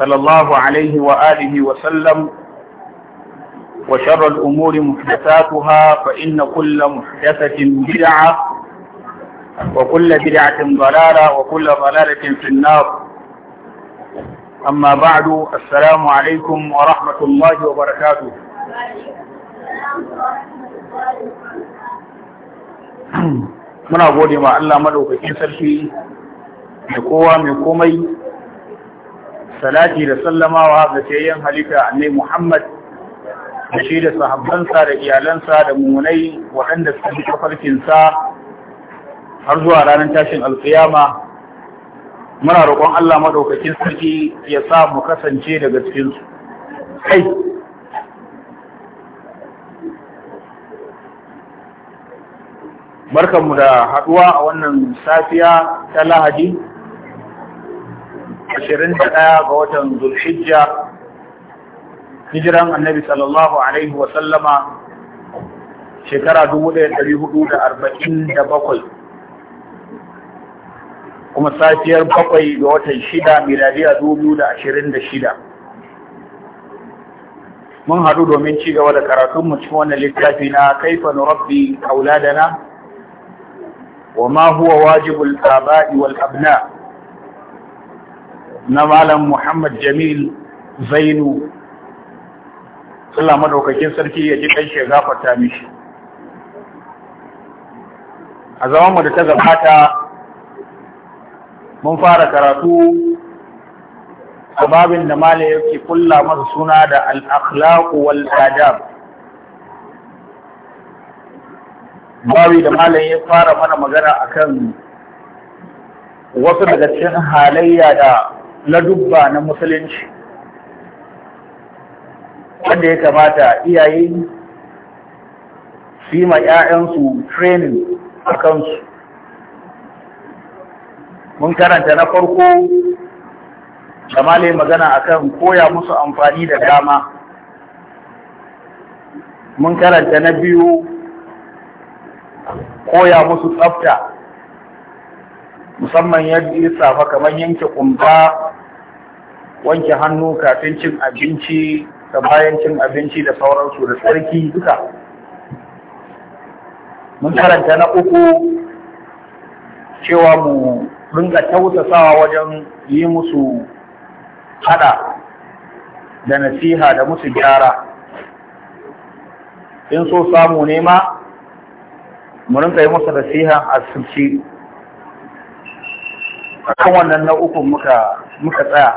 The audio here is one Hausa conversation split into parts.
صلى الله عليه وآله وسلم وشر الأمور محدثاتها فإن كل محدثة بدعة وكل بدعة ضلالة وكل ضلالة في النار أما بعد السلام عليكم ورحمة الله وبركاته من أقول ما Allah ملوك إنسان في kowa mai salati da sallamawa ga tayyan halitta annai Muhammad da shi da sahabbansa da iyalansa da mumunai waɗanda suka bi kafarkinsa har zuwa ranar tashin alkiyama muna roƙon Allah maɗaukakin sarki ya sa mu kasance daga su. kai barkanmu da haɗuwa a wannan safiya ta lahadi ashirin da ɗaya ga watan zulhijja hijiran annabi sallallahu alaihi wa sallama shekara dubu ɗaya ɗari hudu da arba'in da bakwai kuma safiyar bakwai ga watan shida miladiya dubu da ashirin da shida mun haɗu domin ci gaba da karatunmu cikin wannan littafi na kaifa nurabbi auladana wa ma huwa wajibul aba'i wal abna' na malam Muhammad Jamil Zainu Allah madaukakin sarki ya ji kanshi gafarta mishi a zaman mu da ta gabata mun fara karatu a babin da mala yake kulla masa suna da al-akhlaq wal adab babi da malam ya fara mana magana akan wasu daga cikin halayya da Na dubba na musulunci wanda ya kamata iyaye su yi ma 'ya'yansu training a kansu mun karanta na farko da magana akan koya musu amfani da dama mun karanta na biyu koya musu tsafta musamman yadda isa fa kamar yanke kumba wanke hannu kafin cin abinci da bayan cin abinci da sauransu da tsarki duka mun karanta na uku cewa mu ringa tausasawa wajen yi musu hada da nasiha da musu gyara in so samu nema mu rinka yi musu nasiha a sirci akan wannan nau'ukun muka muka tsaya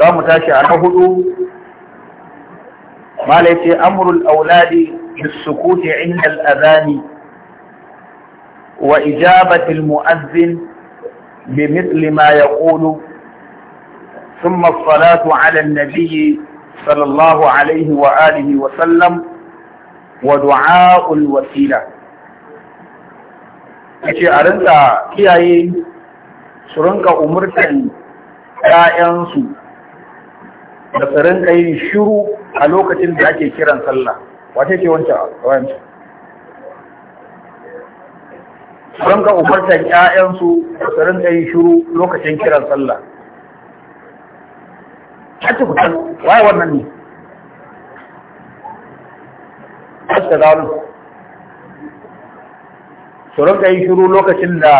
za mu tashi a na hudu mala ce amrul auladi bisukuti inda al'adani wa ijabatil mu'azzin bi mithli ma yaqulu ثم الصلاة على النبي صلى الله عليه وآله وسلم ودعاء الوسيلة ce a rinka kiyaye su rinka umurtan ƴaƴansu da su rinka yin shiru a lokacin da ake kiran sallah wata ce wancan wancan su rinka umurtan ‘ya'yansu da su rinka yin shiru lokacin kiran sallah haka kutan waye wannan ne? ta zaunin. su rinka yi shiru lokacin da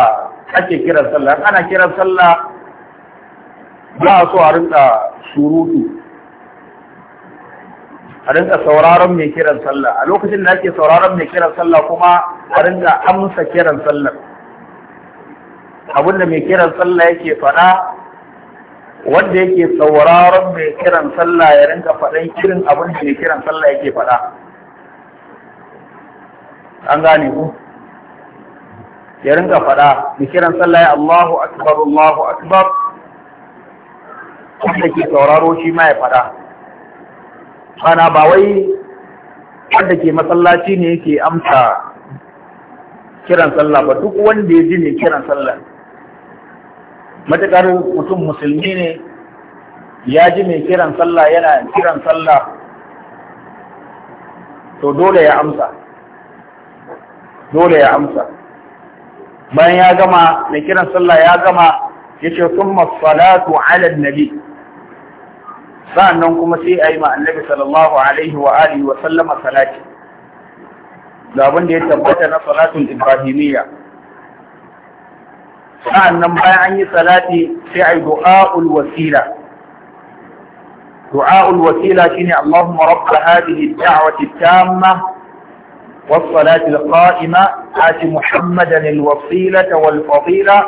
ake kiran sallah ana kiran sallah ba a so a rinka surutu a rinka sauraron mai kiran sallah a lokacin da ake sauraron mai kiran sallah kuma a rinka amsa kiran sallah abinda mai kiran sallah yake faɗa wanda yake sauraron mai kiran sallah ya rinka faɗan kirin abin da mai kiran sallah yake faɗa an gane ku ya ringa faɗa da kiran sallah ya Allahu akbar Allahu akbar wanda ke sauraro shi ma ya faɗa bana ba wai wanda ke masallaci ne yake amsa kiran sallah ba duk wanda ya ji ne kiran sallah matuƙar mutum musulmi ne ya ji mai kiran sallah yana kiran sallah to dole ya amsa dole ya amsa bayan ya gama mai kiran sallah ya gama ya ce kuma salatu ala nabi sa'annan kuma sai a yi ma annabi sallallahu alaihi wa alihi wa sallama salati da da ya tabbata na salatun ibrahimiyya sa'annan bayan an yi salati sai a yi du'a'ul wasila du'a'ul wasila shine allahumma rabb hadhihi ad-da'wati at-tamma والصلاة القائمة آت محمدا الوصيلة والفضيلة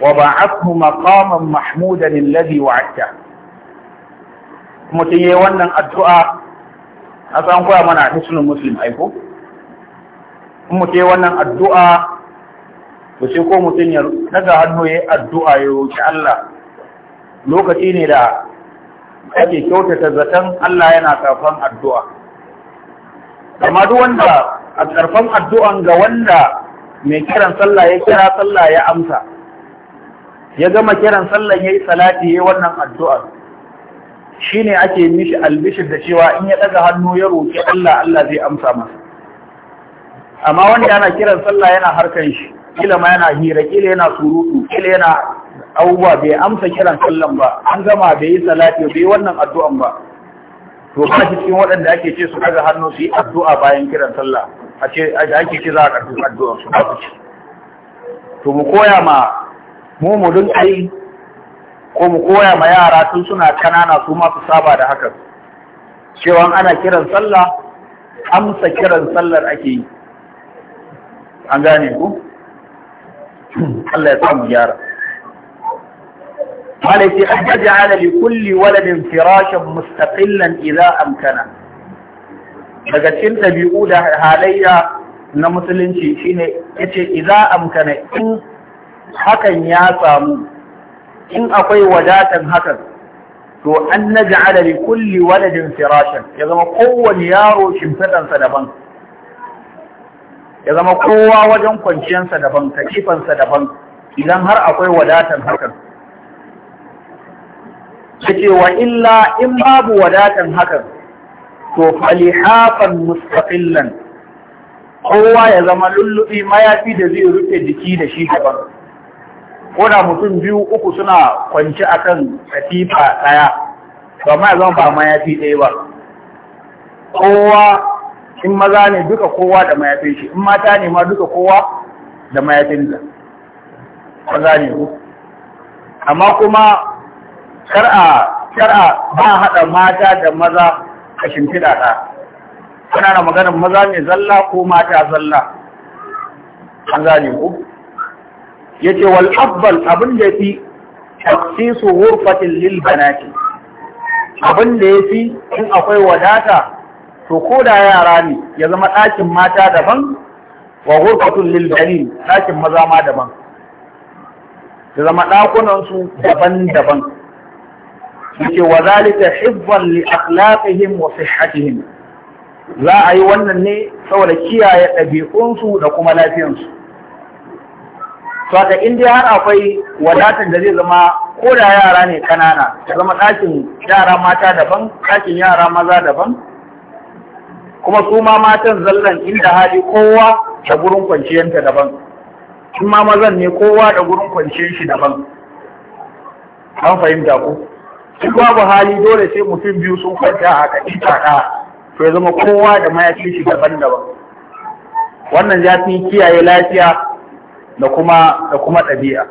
وبعثه مقاما محمودا الذي وعدته mutum yayi wannan addu'a a san koya mana hisnul muslim aiko in mutum yayi wannan addu'a to sai ko mutum ya daga hannu yayi addu'a ya roki Allah lokaci ne da ake kyautata zaton Allah yana kafan addu'a amma duk wanda a ƙarfan addu'an ga wanda mai kiran sallah ya kira sallah ya amsa ya gama kiran sallah ya yi salati ya wannan addu'ar shi ne ake mishi albishir da cewa in ya ɗaga hannu ya roƙi Allah Allah zai amsa masa amma wanda yana kiran sallah yana harkan shi kila ma yana hira kila yana surutu kila yana abubuwa bai amsa kiran sallan ba an gama bai yi salati bai wannan addu'an ba to ba shi cikin waɗanda ake ce su ɗaga hannu su yi addu'a bayan kiran sallah a ce ake ce za a karɓi addu'a su ba ce to mu koya ma mu mu dun ai ko mu koya ma yara tun suna kanana su ma su saba da haka cewa ana kiran sallah amsa kiran sallar ake yi an gane ku Allah ya samu gyara قال يتي أن يجعل لكل ولد فراشا مستقلا إذا أمكن daga cikin ɗabi'u da halayya na musulunci shine yace idza amkana in hakan ya samu in akwai wadatan hakan to an na naj'ala li kulli waladin firashin, ya zama kowane yaro shimfidansa daban ya zama kowa wajen kwanciyarsa daban katifansa daban idan har akwai wadatan hakan yace wa illa in babu wadatan hakan to falihafan mustaqillan kowa ya zama lullubi mayafi da zai rufe jiki da shi daban ko da mutum biyu uku suna kwanci akan katifa daya ba ma zama ba mayafi ɗaya ba kowa in maza ne duka kowa da mayafin shi in mata ne ma duka kowa da mayafin da maza ne ku amma kuma shar'a shar'a ba haɗa mata da maza a shimfiɗa ta kana da maganar maza mai zalla ko mata zalla an gane ku yace wal afdal abin da yafi taqsisu wurfatin lil banati abin da fi in akwai wadata to ko da yara ne ya zama ɗakin mata daban wa ghurfatun lil banin ɗakin maza ma daban ya zama ɗakunan su daban-daban yake wa zalika hibban li akhlaqihim wa sihhatihim za a yi wannan ne saboda kiyaye ɗabi'unsu da kuma lafiyarsu to haka har akwai wadatar da zai zama ko da yara ne kanana ya zama ɗakin yara mata daban ɗakin yara maza daban kuma su ma matan zallan inda hali kowa da gurin kwanciyarta daban kuma mazan ne kowa da gurin kwanciyar shi daban an fahimta ku duk babu hali dole sai mutum biyu sun kwanta a kaɗi ɗaya to ya zama kowa da mayafi shi daban-daban wannan ya fi kiyaye lafiya da kuma da kuma ɗabi'a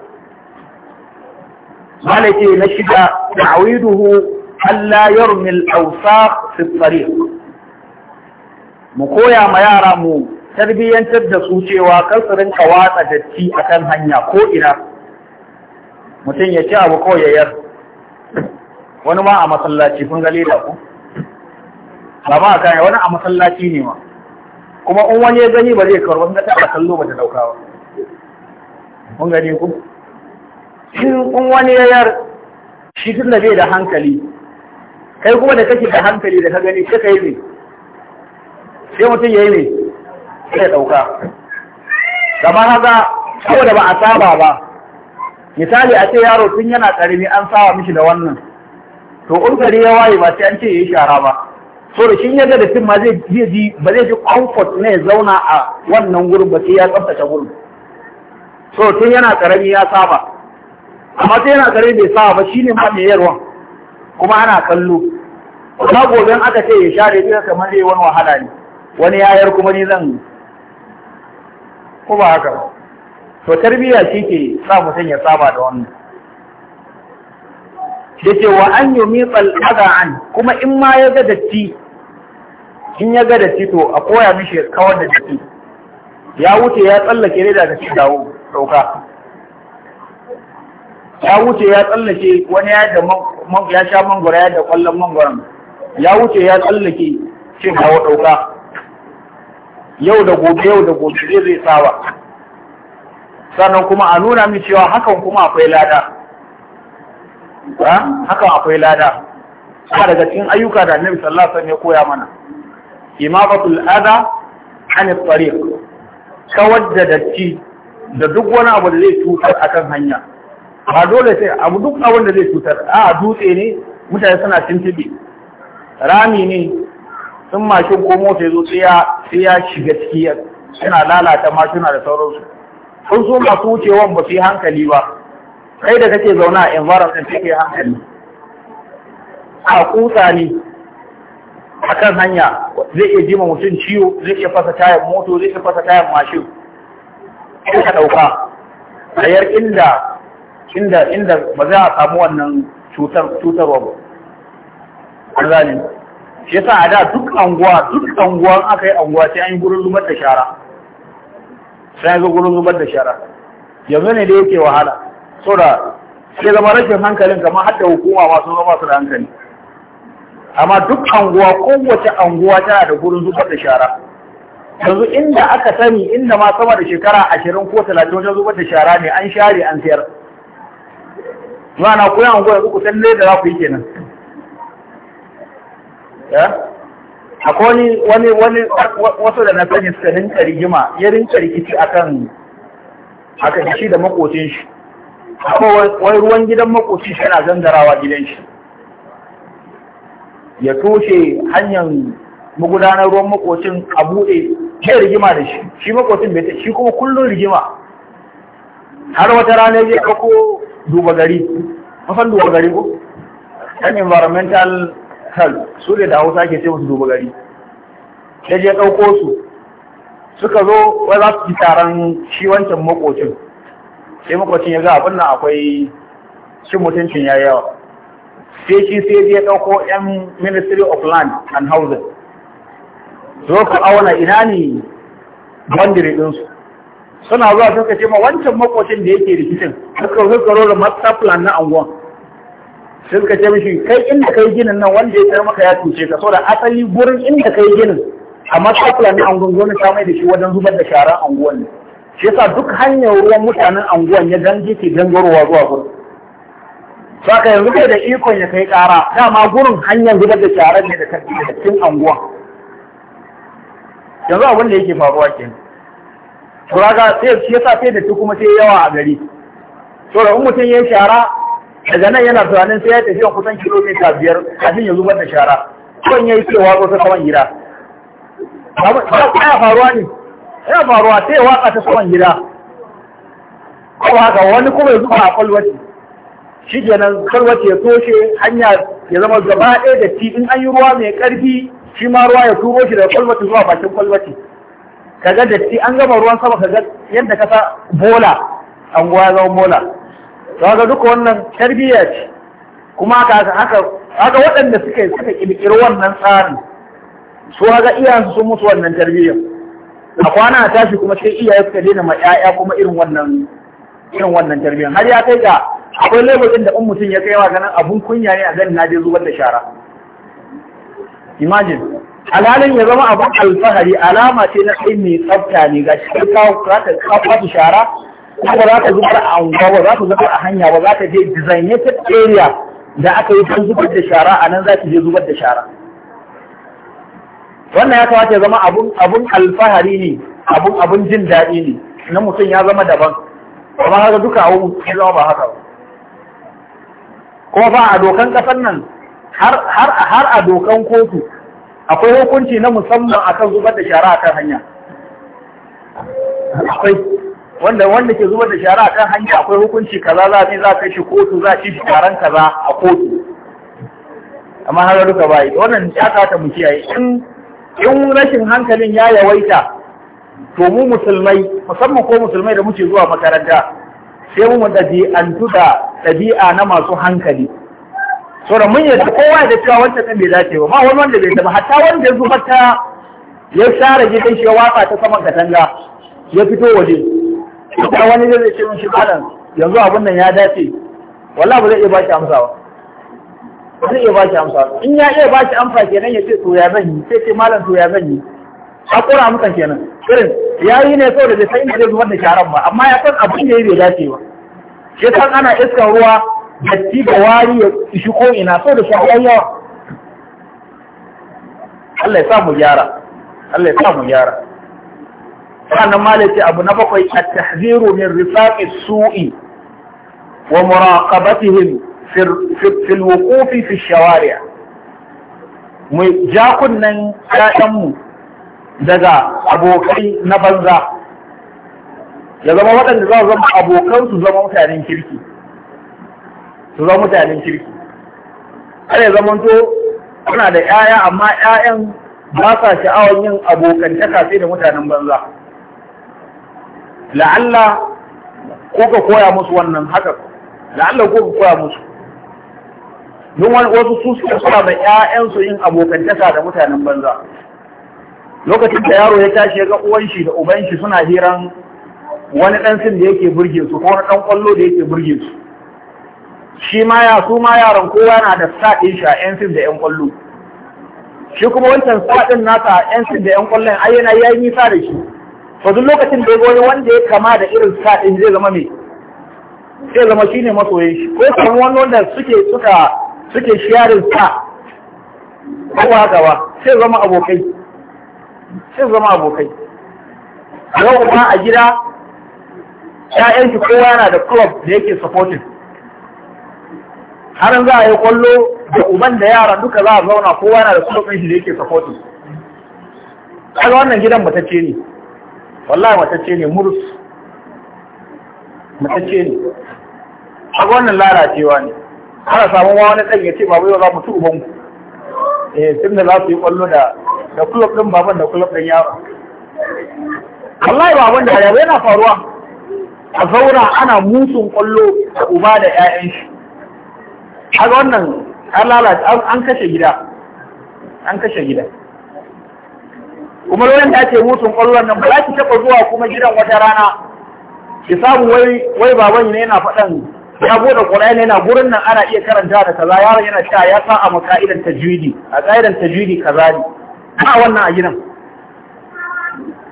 malaki na shida ta'awiduhu Allah yarmil awsaq fi tariq mu koya ma yara mu tarbiyyantar da su cewa kar su watsa datti akan hanya ko ina mutum ya ci abu ko yayar wani ma a masallaci kun gale da ku ba ma kai wani a masallaci ne ma kuma in wani ya gani ba zai karba ga ta kallo ba ta dauka ba kun gani ku in in wani ya yar shi tun da bai da hankali kai kuma da kake da hankali da ka gani sai kai ne sai mutum yayi ne sai dauka kamar haka saboda ba a saba ba misali a ce yaro tun yana karimi an sawa mishi da wannan to in gari ya waye ba sai an ce ya shara ba so da shin da da ma zai ji ba zai ji comfort ne zauna a wannan gurin ba sai ya tsaftace gurin so tun yana karami ya saba amma sai yana karami bai saba ba shine ma mai yarwa kuma ana kallo Na gobe aka ce ya share ne kamar zai wani wahala ne wani yayar kuma ni zan ko haka to tarbiyya shi ke sa mutum ya saba da wannan ce wa an mitsal haza an kuma in ma ya ga datti in ya ga datti to a koya mishi kawar da datti ya wuce ya tsallake ne da shi dawo dauka ya wuce ya tsallake wani ya da ya sha mangoro ya da kwallon mangoron ya wuce ya tsallake cin dawo dauka yau da gobe yau da gobe zai zai tsawa sannan kuma a nuna min cewa hakan kuma akwai lada hakan akwai lada a daga cikin ayyuka da annabi sallallahu alaihi wasallam ya koya mana imamatul adha an tariq kawar da datti da duk wani abu da zai cutar akan hanya ba dole sai abu duk abin da zai cutar a dutse ne mutane suna tintibi rami ne sun mashin ko mota zo sai ya shiga ciki suna lalata mashina da sauransu sun zo masu wucewan ba su yi hankali ba kai da kake zaune a environment kake hankali a kusa ne a kan hanya zai iya jima mutum ciwo zai iya fasa tayan moto zai iya fasa tayan mashin sai ka ɗauka yar inda inda inda ba za a samu wannan cutar cutarwa ba an zane shi yasa a da duk anguwa duk anguwa aka yi anguwa sai an yi gurin zubar da shara sai an yi gurin zubar da shara yanzu ne da yake wahala so da sai zama rashin hankalin kamar hadda hukuma masu sun zama su da hankali amma duk anguwa kowace anguwa tana da gurin zubar da shara yanzu inda aka sani inda ma sama da shekara ashirin ko talatin wajen zubar da shara ne an share an siyar. ma'ana ko yan anguwa yanzu ku san da za ku yi kenan akwai wani wani wasu da na sani suka rinka rigima ya rinka rikici akan akan shi da makocin shi wai ruwan gidan makoci yana zandarawa gidan shi ya toshe hanyar magudanar ruwan makocin a buɗe ke rigima da shi shi makocin bai shi kuma kullum rigima har wata rana ya kako duba gari mafan duba gari ko Ɗan environmental health su da hausa ke ce musu duba gari ya je ɗauko su suka zo wai za su ji taron shi wancan makocin sai makwacin ya ga abin nan akwai cin mutuncin ya yawa sai shi sai ya ɗauko yan ministry of land and housing zo ku auna ina ne boundary ɗinsu suna zuwa sun ce ma wancan makwacin da yake rikicin suka suka rola master plan na anguwan sun ce mishi kai inda kai ginin nan wanda ya tsaya maka ya tuce ka saboda asali gurin inda kai ginin a master plan na anguwan gwamnati ta mai da shi wajen zubar da sharan anguwan ne shi yasa duk hanyar ruwan mutanen anguwan ya gange ke gangarowa zuwa gurin saka yanzu kai da ikon ya kai kara dama gurin hanyar zubar da sharar ne da da cikin anguwa yanzu abin da yake faruwa ke turaga sai shi yasa sai da kuma sai yawa a gari saboda in mutum ya yi shara daga nan yana tunanin sai ya tafiya kusan kilomita biyar kafin ya zubar da shara kan ya yi cewa zo ta saman gida ba ya faruwa ne ya faruwa sai ya watsa ta saman gida ko haka wani kuma ya zuba a kwalwaci shi kenan kwalwaci ya toshe hanya ya zama gaba ɗaya da ci in an yi ruwa mai ƙarfi shi ma ruwa ya turo shi daga kwalwaci zuwa bakin kwalwaci kaga da ci an gama ruwan sama kaga yadda ka sa bola an goya zama bola to haka duka wannan tarbiyya ce kuma haka haka haka waɗanda suka suka ƙirƙiri wannan tsarin su haka iyansu sun mutu wannan tarbiyyar a kwana a tashi kuma sai iyaye suka daina ma 'ya'ya kuma irin wannan irin tarbiyyar har ya kai ga akwai lokacin da in mutum ya kai wa ganin abun kunya ne a ganin na je zubar da shara imagine alhalin ya zama abun alfahari alama ce na kai mai tsafta ne ga shi za ka kafa shara kuma za ka zubar a unguwa ba za ka zubar a hanya ba za ka je designated area da aka yi don zubar da shara a nan za ki je zubar da shara wannan ya kamata ya zama abun abun alfahari ne abun abun jin daɗi ne na mutum ya zama daban amma haka duka abu ya zama ba haka kuma ba a dokan ƙasar nan har a dokan kotu akwai hukunci na musamman akan zubar da shara akan hanya akwai wanda wanda ke zubar da shara akan hanya akwai hukunci kaza za a za kai shi kotu za shi sharan kaza a kotu amma haka duka bai wannan ya kata mu kiyaye in in rashin hankalin ya yawaita to mu musulmai musamman ko musulmai da muke zuwa makaranta sai mu ɗabi'antu da ɗabi'a na masu hankali saboda mun yadda kowa da cewa wancan ɗin bai dace ba ma wani wanda bai taɓa hatta wanda ya zubar ta ya share gidan shi ya watsa ta saman katanga ya fito waje ita wani zai ce mun shi yanzu abin nan ya dace wallahi ba zai iya ba amsawa zai iya baki amsa in ya iya baki amsa kenan ya ce to ya zan yi sai ce malam to ya zan yi hakura mutan kenan irin ya yi ne saboda bai san inda zai zubar da sharan ba amma ya san abin da ya bai dace ba Ya san ana iskar ruwa datti da wari ya ishi ko ina so da shi yawa Allah ya sa mu gyara Allah ya sa mu gyara sannan ce abu na bakwai at-tahziru min rifaqi su'i wa muraqabatihim في الوقوف في الشوارع mu ja ƴaƴanmu daga abokai na banza ya zama waɗanda za su zama abokan su zama mutanen kirki su zama mutanen kirki kada zaman to kuna da ƴaƴa amma ƴaƴan ba sa sha'awar yin abokantaka sai da mutanen banza la'alla ko ka koya musu wannan haka la'alla ko ka koya musu don wasu su suka suna da ƴaƴansu yin abokantaka da mutanen banza lokacin da yaro ya tashi ya ga uwan shi da uban shi suna hiran wani ɗan sin da yake burge su ko wani ɗan ƙwallo da yake burge su shi ma ya su ma yaron kowa na da sa shi a ƴan sin da ƴan ƙwallo shi kuma wancan sa ɗin nasa a ƴan sin da ƴan ƙwallon ai yana yayi nisa da shi to duk lokacin da ya wani wanda ya kama da irin sa zai zama me zai zama shine masoyin shi ko kuma wani wanda suke suka suke sharing ta kowa gawa sai zama abokai sai zama abokai yau ma a gida ƴaƴan shi kowa yana da club da yake supporting har za a yi kwallo da uban da yara duka za a zauna kowa yana da club ɗin da yake supporting kaga wannan gidan matacce ne wallahi matacce ne murus matacce ne kaga wannan lalacewa ne ana samun wani ɗan ya ce babu yau za mu ci ubanku eh tun da za su yi kwallo da da kulob ɗin baban da kulob ɗin yaro wallahi ba abin da yabo yana faruwa a zauna ana musun kwallo da uba da ƴaƴan shi kaga wannan an lalace an kashe gida an kashe gida kuma lokacin da ake musun kwallon nan ba za ki taɓa zuwa kuma gidan wata rana ki samu wai baban ne yana faɗan ya bude Qur'ani yana gurin nan ana iya karanta da kaza yaron yana cewa ya sa a makaidan tajwidi a kaidan tajwidi kaza ne ba wannan a gidan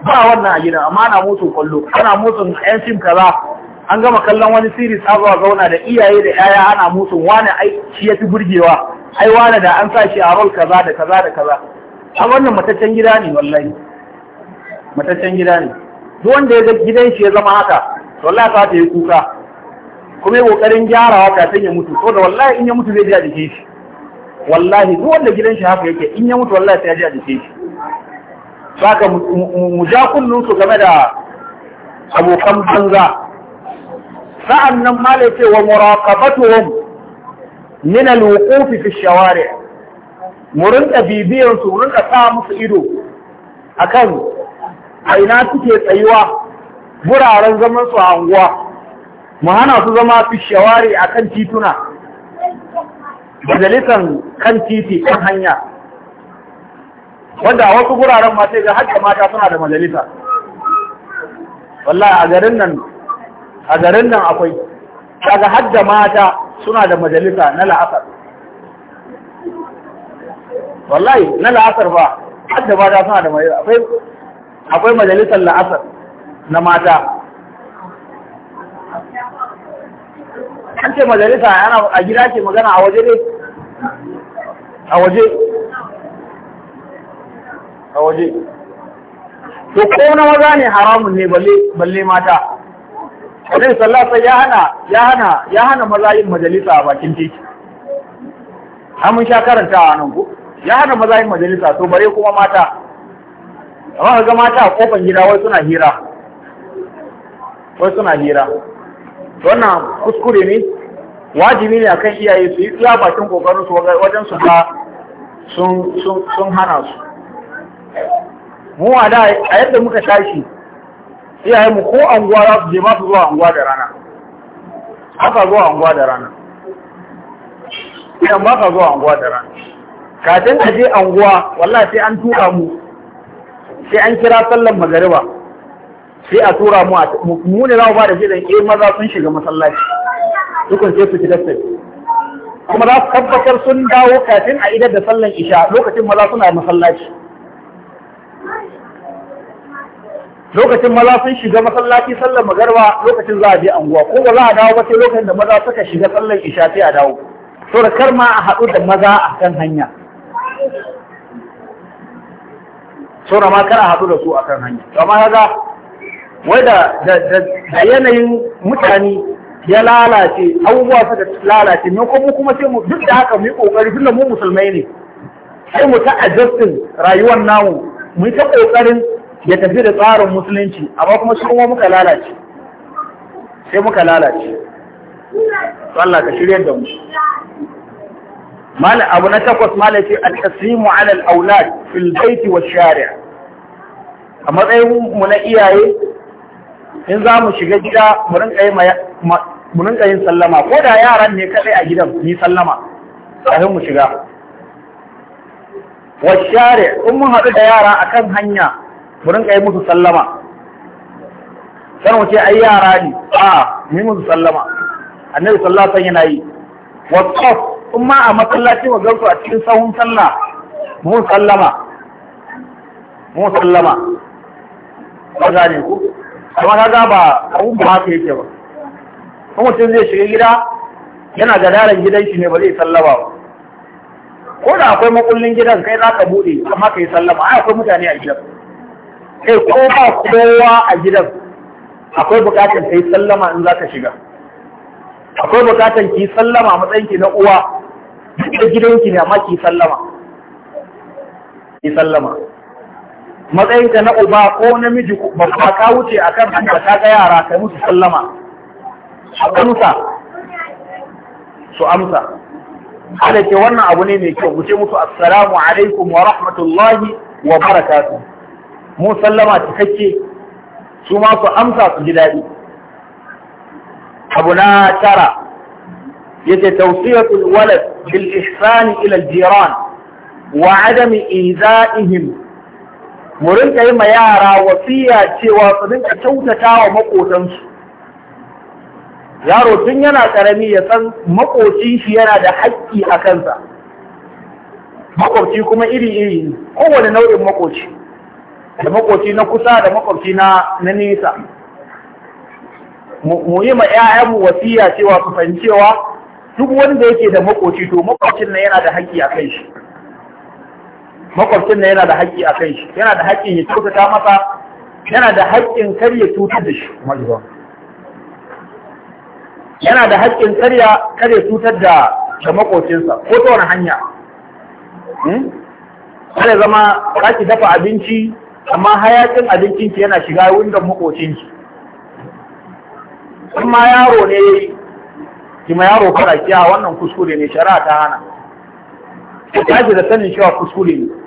ba wannan a gidan amma ana motsin kwallo ana motsin yan sim kaza an gama kallon wani series har zuwa zauna da iyaye da yaya ana motsin wani ai shi fi burgewa ai wani da an sa shi a rol kaza da kaza da kaza a wannan mataccen gida ne wallahi mataccen gida ne duk wanda ya ga gidan shi ya zama haka wallahi ta yi kuka kuma ya kokarin gyarawa kafin ya mutu saboda wallahi in ya mutu zai ji a jikin shi wallahi duk wanda gidan shi haka yake in ya mutu wallahi sai ya ji a jikin shi saka mu ja kullun su game da abokan banza sa'an nan ma da ce wa muraqabatuhum min al-wuquf fi shawari mu rinka bibiyan su mu rinka sa musu ido akan a ina suke tsayuwa wuraren zaman su a anguwa mu hana su zama fi shawari a kan tituna majalisan kan titi kan hanya wanda a wasu guraren masu sai ga haka mata suna da majalisa wallahi a garin nan a garin nan akwai kaga hajji mata suna da majalisa na la'asar wallahi na la'asar ba hajji mata suna da majalisa akwai majalisar la'asar na mata an ce majalisa ana a gida ce magana a waje ne a waje a waje to ko na maza ne haramun ne balle mata Annabi sallallahu alaihi ya hana ya hana ya hana maza yin majalisa a bakin titi har mun sha karanta a nan ko ya hana maza yin majalisa to bare kuma mata amma ga mata a kofar gida wai suna hira wai suna hira wannan kuskure ne wajibi ne akan iyaye su yi iya bakin kokarin su wajen su ba sun hana su mu a da a yadda muka tashi iyaye mu ko anguwa za su je ba su zuwa anguwa da rana haka zuwa anguwa da rana idan ba ka zuwa anguwa da rana kafin a je anguwa wallahi sai an tuka mu sai an kira sallan magariba sai a tura mu a mu ne za mu fara jiran eh maza sun shiga masallaci dukkan sai su shiga sai kuma za su tabbatar sun dawo kafin a idar da sallan isha lokacin maza suna masallaci lokacin maza sun shiga masallaci sallar magarba lokacin za a je anguwa ko ba za a dawo ba sai lokacin da maza suka shiga sallan isha sai a dawo to kar ma a haɗu da maza a kan hanya da ma kar a haɗu da su a kan hanya amma kaga wai da yanayin mutane ya lalace abubuwa suka lalace ne kuma kuma sai mu duk da haka mu yi kokari tunda mu musulmai ne sai mu ta adjusting rayuwar namu mu yi ta kokarin ya tafi da tsarin musulunci amma kuma shi kuma muka lalace sai muka lalace Allah ka shirya da mu mal abu na takwas malaki at-taslimu ala al-awlad fil bayt wa shari'a. a matsayin mu na iyaye in za mu shiga gida mu rinka yin sallama ko da yaran ne kadai a gidan ni sallama kafin mu shiga share in mun haɗu da yara a kan hanya mu rinka yi musu sallama san wace ai yara ne a mu yi musu sallama annabi sallallahu alaihi yana yi wasaf in ma a masallaci wa gansu a cikin sahun sallah mu sallama mu sallama ba gane ku amma ka ga ba abun ba haka yake ba kuma mutum zai shiga gida yana da daren gidan shi ne ba zai sallama ba ko da akwai makullin gidan kai za ka buɗe amma ka yi sallama ai akwai mutane a gidan kai ko ba kowa a gidan akwai bukatar ka yi sallama in za ka shiga akwai bukatar ki sallama matsayinki na uwa da gidanki ne amma ki sallama ki sallama matsayinka na uba ko namiji babba ka wuce a kan hanyar ta ga yara kai musu sallama amsa su amsa hada ke wannan abu ne mai kyau wuce musu assalamu alaikum wa rahmatullahi wa barakatu mu sallama cikakke su ma su amsa su ji daɗi abu na tara yace tawsiyatul walad bil ihsani ila al jiran wa adami iza'ihim mu rinka ma yara wasiya cewa su rinka kyautata wa makotansu yaro tun yana karami ya san makocin shi yana da haƙƙi a kansa makwabci kuma iri-iri ne kowane nau'in makoci da makoci na kusa da makwabci na nisa mu yi ma 'ya'yanmu wasiya cewa su fahimcewa duk wanda yake da makoci to makocin nan yana da haƙƙi a kai shi makwabcin nan yana da haƙƙi a kan shi yana da haƙƙin ya ta masa yana da haƙƙin kar ya cutar da shi yana da haƙƙin karya karya kar ya cutar da da makwabcinsa ko ta wani hanya hmm? kada zama za ki dafa abinci amma hayaƙin abincinki yana shiga windon makwabcinki in ma yaro ne ki ma yaro fara kiya wannan kuskure ne shari'a ta hana ki tashi da sanin cewa kuskure ne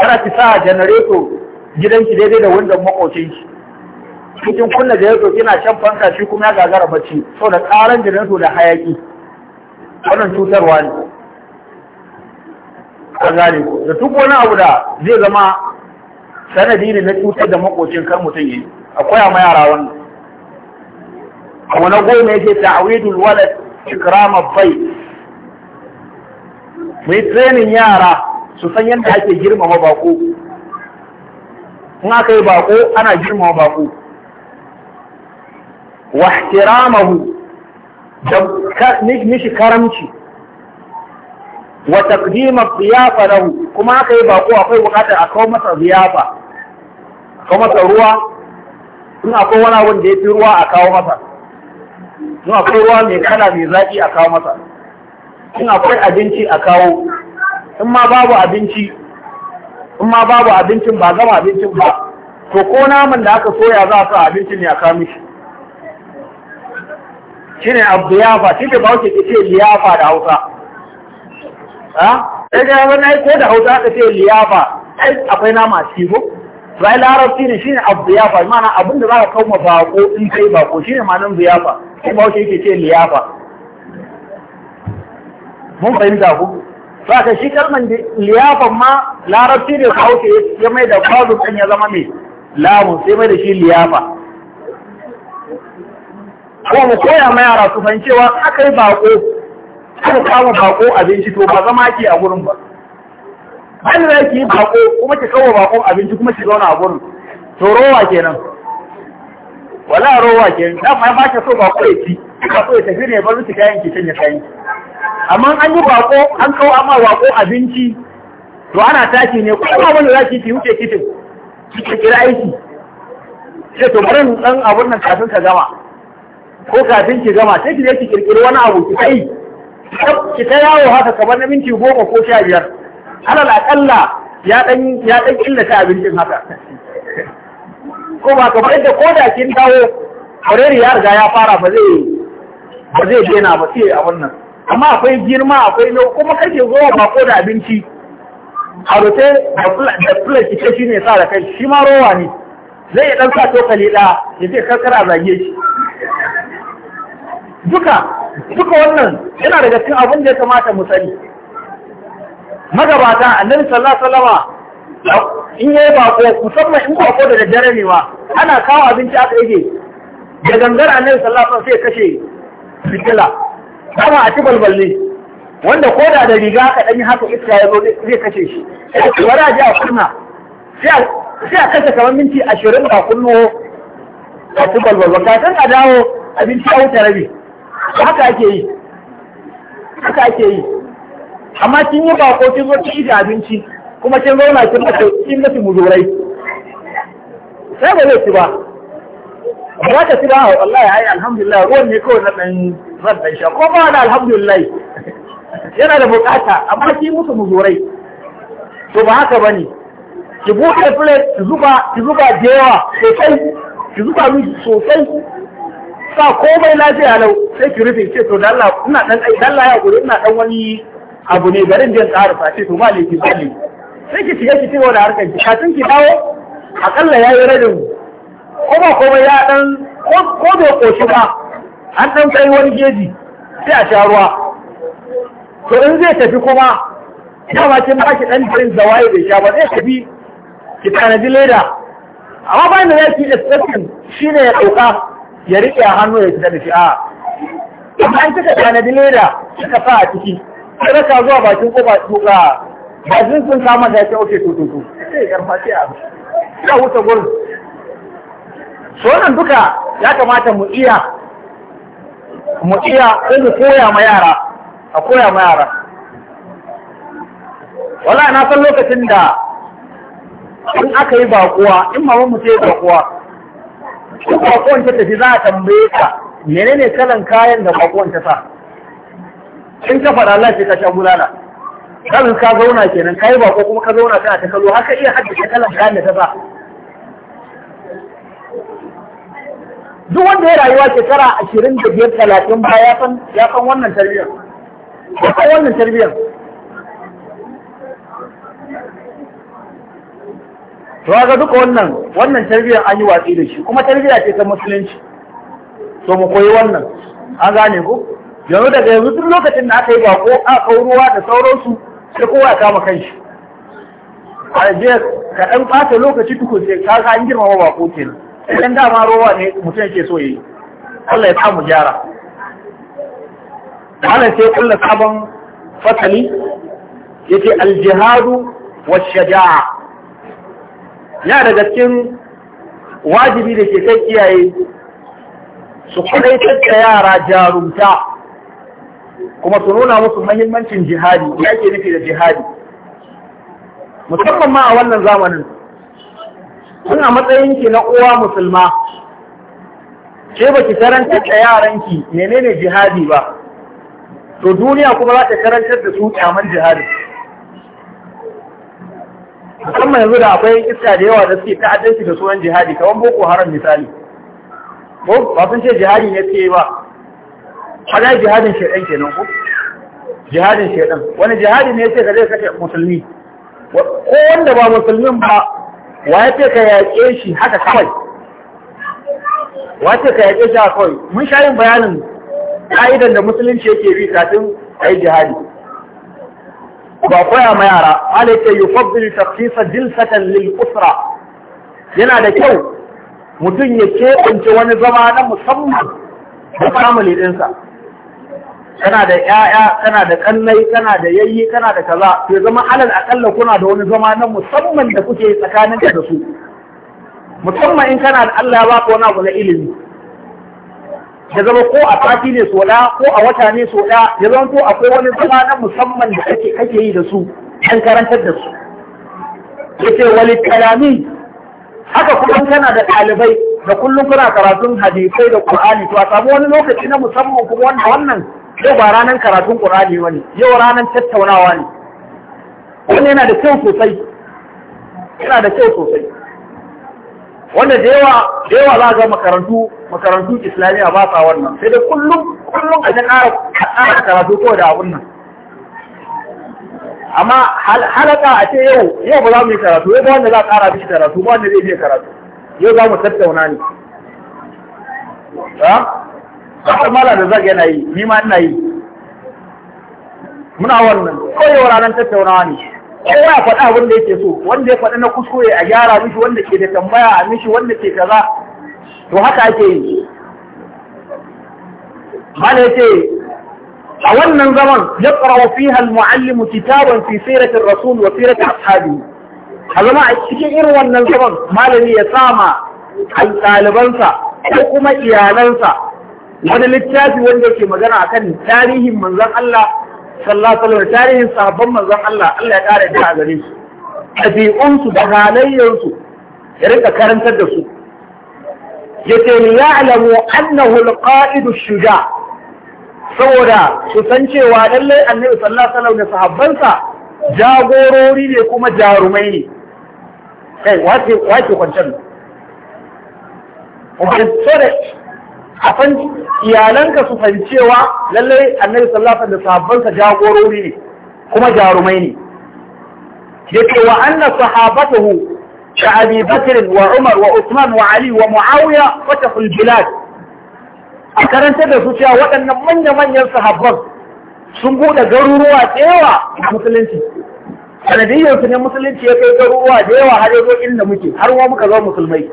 kana ki sa janareto gidanki daidai da wanda makocin ki cikin kunna janareto kina shan fanka shi kuma ya gagara bacci da karan janareto da hayaki wannan cutarwa ne ka gane da duk wani abu da zai zama sanadi ne na cutar da makocin kar mutum yi akwai ma yara wannan abu na goma yake ta'awidul walad ikrama bai mu yi training yara su san yadda ake girmama bako in aka yi bako ana girmama bako wa ihtiramahu da mishi karamci wa taqdima ziyafa lahu kuma aka yi bako akwai bukatar a kawo masa ziyafa a kawo masa ruwa in akwai wani abin da ya fi ruwa a kawo masa in akwai ruwa mai kala mai zaƙi a kawo masa in akwai abinci a kawo in ma babu abinci in ma babu abincin ba gama abincin ba to ko naman da aka soya za a sa abincin ya kawo mishi shine abu yafa shi ne bauke ke ce liyafa da hausa ha sai ga yi ko da hausa aka ce liyafa ai akwai nama a ciki ko bai larabci ne shine abu ziyafa mana da za ka kauma bako in kai bako shine nan ziyafa ko bauke yake ce liyafa mun fahimta ku ba ka shi kalman liyafan ma larabci ne ka hauke ya mai da kwazo ɗan ya zama mai lamun sai mai da shi liyafa ko mu koya ma yara su fahimci cewa aka yi bako aka kama bako abinci to ba zama ke a gurin ba Bani da yake yi bako kuma ki kawo bako abinci kuma ki zauna a gurin to rowa kenan wala rowa kenan dama ya ba ka so bako ya ci ka so ya tafi ne ba zuci kayan ki canja kayan ki amma an yi bako an kawo amma wako abinci to ana tashi ne kuma da za ki ki wuce kitin ki kira aiki ce to bari dan abun nan kafin ka gama ko kafin ki gama sai ki je ki kirkiri wani abu ki kai ki ta yawo haka kamar na minti goma ko sha biyar alal akalla ya dan ya dan ta abincin haka ko ba kamar yadda ko da kin dawo kwareri ya riga ya fara ba zai ba zai dena ba sai a wannan amma akwai girma akwai nau kuma kake zuwa ba ko da abinci a rote da fulai kike shi ne sa da kai shi ma rowa ne zai ya dan sa tokali da ya ce karkara zage shi duka duka wannan yana da cikin abin da ya kamata mu sani magabata annabi sallallahu alaihi in yayi bako musamman in bako da daddare ne ma ana kawo abinci aka yake da gangar annabi sallallahu alaihi wasallam sai kashe fitila kama a ci balballe wanda ko da da riga aka ɗanyi haka iska ya zo zai kashe shi wani a ji a kunna sai a kashe kamar minti ashirin ba kunno a ci ka san a dawo abinci a wuta rabi haka ake yi haka ake yi amma kin yi bako kin zo kin da abinci kuma kin zauna kin mace kin mace zurai sai ba zai ci ba ba ta ci ba Allah ya yi alhamdulillah ruwan ne kawai na ɗan zan dan sha ko ba da alhamdulillah yana da bukata amma ki musu muzurai to ba haka bane ki buɗe plate ki zuba ki zuba jewa sosai ki zuba miki sosai sa komai lafiya lau sai ki rufe ce to da Allah ina dan ai Allah ya gure ina dan wani abu ne garin jin tsara ce to ki bali sai ki shiga ki cewa da harkar ki kafin ki dawo akalla yayi radin ko ba komai ya dan ko bai koshi ba an ɗan kai wani geji sai a sha ruwa to in zai tafi kuma ba kin ba ki ɗan drink da waye bai sha ba zai tafi ki tanadi leda amma bayan da expression shi shine ya ɗauka ya riƙe a hannu ya fita da shi a amma an kika tanadi leda kika sa a ciki sai raka zuwa bakin kofa tuka bajin sun kama da ya ce oke to to to sai a ya wuce gurin so nan duka ya kamata mu iya mu iya ko mu koya ma yara a koya ma yara wala na san lokacin da in aka yi bakuwa in maman mu yi bakuwa Ko bakuwan ta tafi za a tambaye ka menene kalan kayan da bakuwan ta sa in ka faɗa Allah ka sha bulala kalan ka zauna kenan kai bako kuma ka zauna kana ta kallo haka iya haddace kalan kayan da ta sa duk wanda ya rayuwa shekara ashirin da biyar talatin ba ya san wannan tarbiyyar ya san wannan tarbiyyar to ga duka wannan wannan tarbiyyar an yi watsi da shi kuma tarbiyya ce ta musulunci to mu koyi wannan an gane ku. yanzu daga yanzu duk lokacin da aka yi bako a kauruwa da sauransu sai kowa ya kama kanshi a je ka ɗan ɓata lokaci tukun sai ka ga an girmama bako kenan idan dama rowa ne mutum yake so yi Allah ya samu gyara Allah sai kulla sabon fatali yace aljihadu washaja'a shajaa ya daga cikin wajibi da ke kai kiyaye su kudaitar da yara jarumta kuma su nuna musu mahimmancin jihadi ya ke nufi da jihadi musamman ma a wannan zamanin tun a matsayinki na uwa musulma ce ba ki karantar da yaranki menene jihadi ba to duniya kuma za ta karantar da su kyaman jihadi musamman yanzu da akwai iska da yawa da suke ta'addanci da sunan jihadi kamar boko haram misali ko ba sun ce jihadi ne suke ba kaga jihadin ke kenan ko jihadin shedan wani jihadi ne ya ce ka zai kashe musulmi ko wanda ba musulmin ba wa ya ka yaƙe shi haka kawai wa ya ka yaƙe shi haka kawai mun sha yin bayanin ƙa'idan da musulunci yake bi kafin a yi jihadi ba koya ma yara ke yi fabbin tafisa jinsatan lil usra yana da kyau mutum ya keɓance wani zama na musamman da family ɗinsa kana da ƴaƴa kana da kannai kana da yayyi kana da kaza to zama alal akalla kuna da wani zama na musamman da kuke tsakanin da su musamman in kana da Allah ya baka wani abu na ilimi ya zama ko a sati ne so ko a wata ne so ya zama to akwai wani zama na musamman da kake kake yi da su an karantar da su yace wali kalami haka kuma kana da ɗalibai da kullum kana karatun hadisai da Qur'ani to a samu wani lokaci na musamman kuma wannan yau ba ranar karatun ƙur'ani ba ne yau ranar tattaunawa ne wannan yana da kyau sosai yana da kyau sosai wanda da yawa da yawa za ga makarantu makarantu islamiyya ba sa wannan sai da kullum kullum a ta ƙara karatu ko da abun nan amma halaka a ce yau yau ba za mu yi karatu yau ba wanda za a ƙara bishi karatu ba wanda zai yi karatu yau za mu tattauna ne kasar mala da zag yana yi ni ma ina yi muna wannan koyewa ranar tattaunawa ne kowa ya faɗa abin da yake so wanda ya faɗi na kuskure a gyara mishi wanda ke da tambaya a mishi wanda ke kaza to haka ake yi mala yace a wannan zaman ya qara fiha al-muallimu kitaban fi sirati ar-rasul wa sirati ashabi a zama a cikin irin wannan zaman malami ya sama al-ɗalibansa ko kuma iyalansa wani littafi wanda ke magana akan tarihin manzan Allah sallallahu alaihi wasallam tarihin sahabban manzan Allah Allah ya kare da gare su tabi'un da halayyar su ya rika karantar da su yace ni ya'lamu annahu al-qa'idu shuja saboda su san cewa lallai annabi sallallahu alaihi wasallam da sa jagorori ne kuma jarumai ne kai wace wace kwancan Ubangiji a san iyalanka su cewa lallai annabi sallallahu alaihi wasallam da jagorori ne kuma jarumai ne yake wa anna sahabatuhu ka Abi Bakr wa Umar wa Usman wa Ali wa Muawiya fatahul bilad a karanta da su cewa waɗannan manya-manyan sahabban sun buɗe garuruwa da a musulunci sanadiyyarsu ne musulunci ya kai garuruwa da yawa har yanzu inda muke har wa muka zo musulmai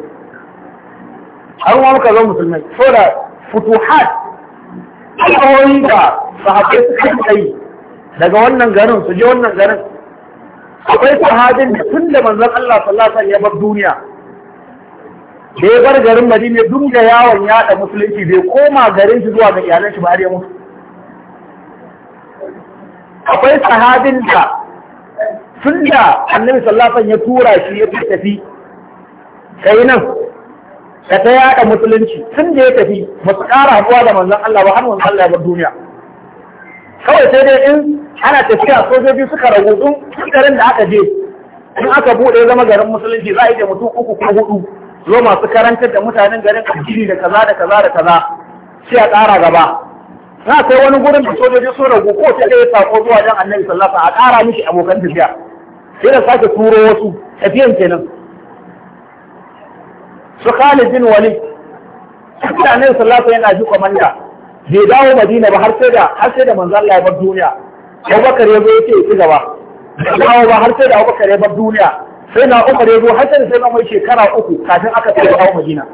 har wani ka zama musulmai da futuhat alƙawarin da sahabbai kai kai daga wannan garin su je wannan garin akwai sahabin da tun da manzon Allah sallallahu alaihi wasallam ya bar duniya da ya bar garin Madina duk da yawon yada musulunci bai koma garin shi zuwa ga iyalan shi ba har ya mutu akwai sahabin da tun da annabi sallallahu alaihi wasallam ya tura shi ya tafi sai nan ka ta yaɗa musulunci tun da ya tafi ba su ƙara haɗuwa da manzon Allah ba har manzon Allah ya duniya kawai sai dai in ana tafiya sojoji suka ragu ɗin garin da aka je in aka buɗe zama garin musulunci za a yi da mutum uku ko hudu zo masu karantar da mutanen garin addini da kaza da kaza da kaza sai a ƙara gaba na kai wani gurin da sojoji sun ragu ko sai dai sako zuwa jan annabi sallallahu a ƙara mishi abokan tafiya sai da sake turo wasu tafiyan kenan su Khalid bin Walid sai annabi sallallahu yana ji komanda bai dawo Madina ba har sai da har sai da manzon Allah ya bar duniya Abubakar ya zo yake ci gaba dawo ba har sai da Abubakar ya bar duniya sai na Umar ya zo har sai da sai mai shekara uku kafin aka tafi dawo Madina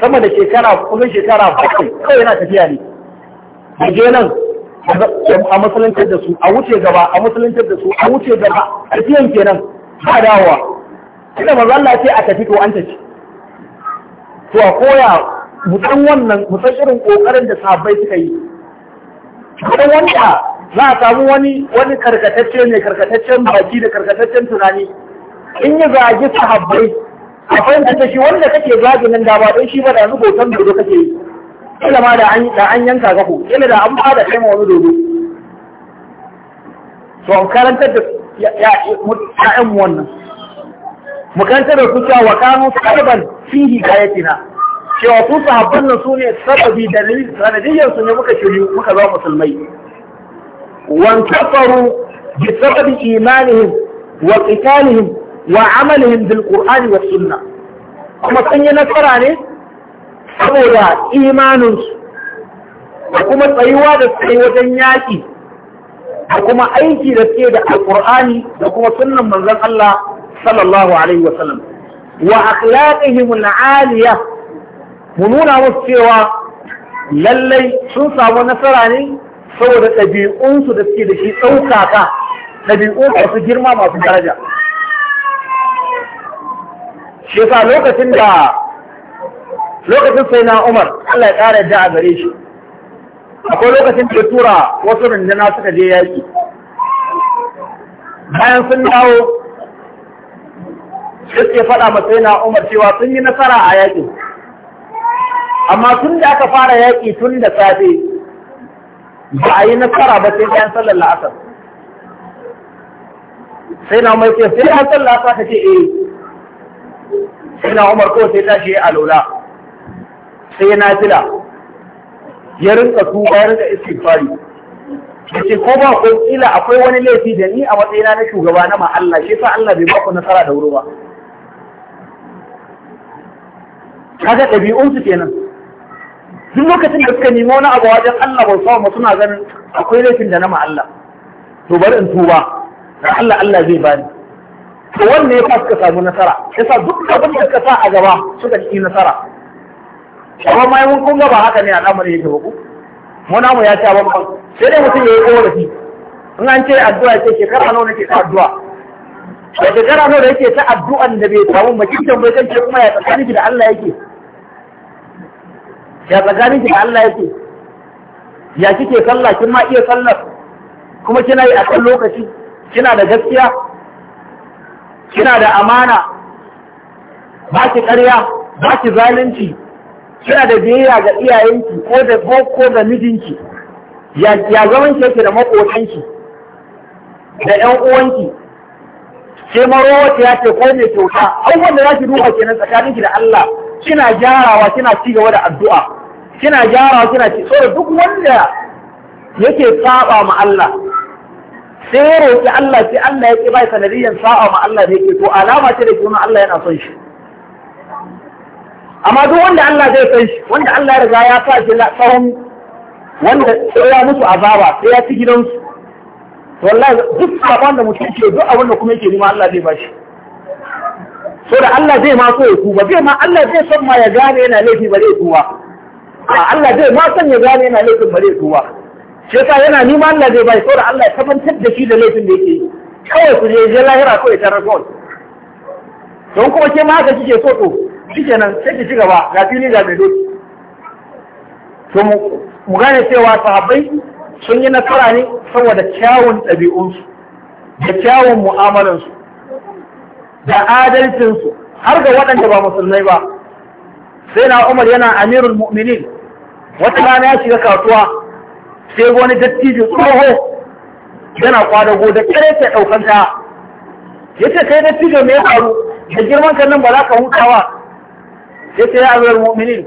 sama da shekara kusan shekara bakwai kawai yana tafiya ne a je nan a musulunci da su a wuce gaba a musulunci da su a wuce gaba a tafiyan kenan ba dawowa Ina maza Allah ce a tafi to an tafi to a koya mutan wannan mutan irin kokarin da sahabbai suka yi kuma wanda za a samu wani wani karkatacce ne karkataccen baki da karkataccen tunani in ya zagi sahabbai a fahimtar da shi wanda kake zagi nan da ba shi ba da yanzu dodo kake yi kila ma da an yanka gafo kila da an ba da kai ma wani dodo to an karantar da ya'yan wannan mu kantar da su cewa wa kanu sababan fihi gayatina cewa su sahabban nan su ne sababi da sanadiyyar su ne muka shiryu muka zama musulmai wan kafaru bi sababi imanihim wa qitalihim wa amalihim bil qur'ani was sunna kuma sun yi nasara ne saboda imaninsu da kuma tsayuwa da tsayi wajen yaƙi da kuma aiki da suke da alƙur'ani da kuma sunnan manzon Allah صلى الله عليه وسلم وأخلاقهم العالية منونا مستوى للي سنسى ونصراني سوى تبيعون سدسكي دشي أوكاكا تبيعون حيث جرما ما في درجة شفا لوقت دا لوقت سينا عمر الله يقارع جاء بريشي أقول لوقت بطورة وصل الجناسك جيائي بأن سنعو suke faɗa masai na Umar cewa sun yi nasara a yaƙi. Amma tun da aka fara yaƙi tun da safe ba a yi nasara ba sai bayan sallar la'asar. Sai na Umar ce sai an sallar la'asar ta ce eh. Sai na Umar ko sai tashi a lola Sai na fila. Ya rinka tuba ya rinka istighfari. ce ko ba ko kila akwai wani laifi da ni a matsayina na shugaba na ma'alla Allah shi sa Allah bai ba ku nasara da wuri ba. kaga su kenan duk lokacin da suka nemo na abu wajen Allah ba samu suna ganin akwai laifin da na ma Allah to bari in tuba da Allah Allah zai bani to wanne yasa suka samu nasara yasa duk abin da suka sa a gaba suka ci nasara amma mai mun kun ba haka ne al'amari yake ba ku mu namu ya ci abin sai dai mutum ya yi korafi in an ce addu'a ce shekara nawa nake ta addu'a da shekara nawa da yake ta addu'an da bai samu makincin bai kan ce kuma ya tsakanin da Allah yake ya tsakanin ki da Allah yake ya kike sallah kin ma iya sallar kuma kina yi a kan lokaci kina da gaskiya kina da amana ba ki ƙarya ba ki zalunci kina da biyayya ga iyayenki ko da ko da mijinki ya zaman ki da makotanki da ƴan uwanki ke maro wata ya ce ko mai kyauta abubuwan da za ki duba kenan tsakaninki da Allah kina gyarawa kina ci gaba da addu'a kina gyarawa kina ci So duk wanda yake saba ma Allah sai ya roƙi Allah sai Allah ya ƙi bai sanadiyan sa'a ma Allah da yake to alama ce da ke nuna Allah yana son shi amma duk wanda Allah zai san shi wanda Allah ya riga ya sa shi tsawon wanda sai ya musu azaba sai ya ci gidansu wallahi duk sabon da mutum ke duk abin da kuma yake nima Allah zai bashi so da Allah zai ma so ya tuba zai ma Allah zai san ma ya gane yana laifi ba zai tuba a Allah zai ma san ya gane yana laifin ba zai tuba shi yasa yana nima Allah zai bai so da Allah ya tabbatar da shi da laifin da yake yi kawai ku je je lahira ya ta rasul don kuma ke ma haka kike so to shikenan sai ki ci gaba ga fili ga mai doki to mu gane cewa sahabbai sun yi nasara ne saboda kyawun ɗabi'unsu da kyawun mu'amalansu da adalcinsu har ga waɗanda ba musulmai ba sai na umar yana amirul mu'minin wata rana ya shiga kasuwa sai wani dattijo tsoho yana kwadago da kare ta ɗaukan ta ya ce kai dattijo mai faru da girman kan nan ba za ka hutawa ya ce ya amirul mu'minin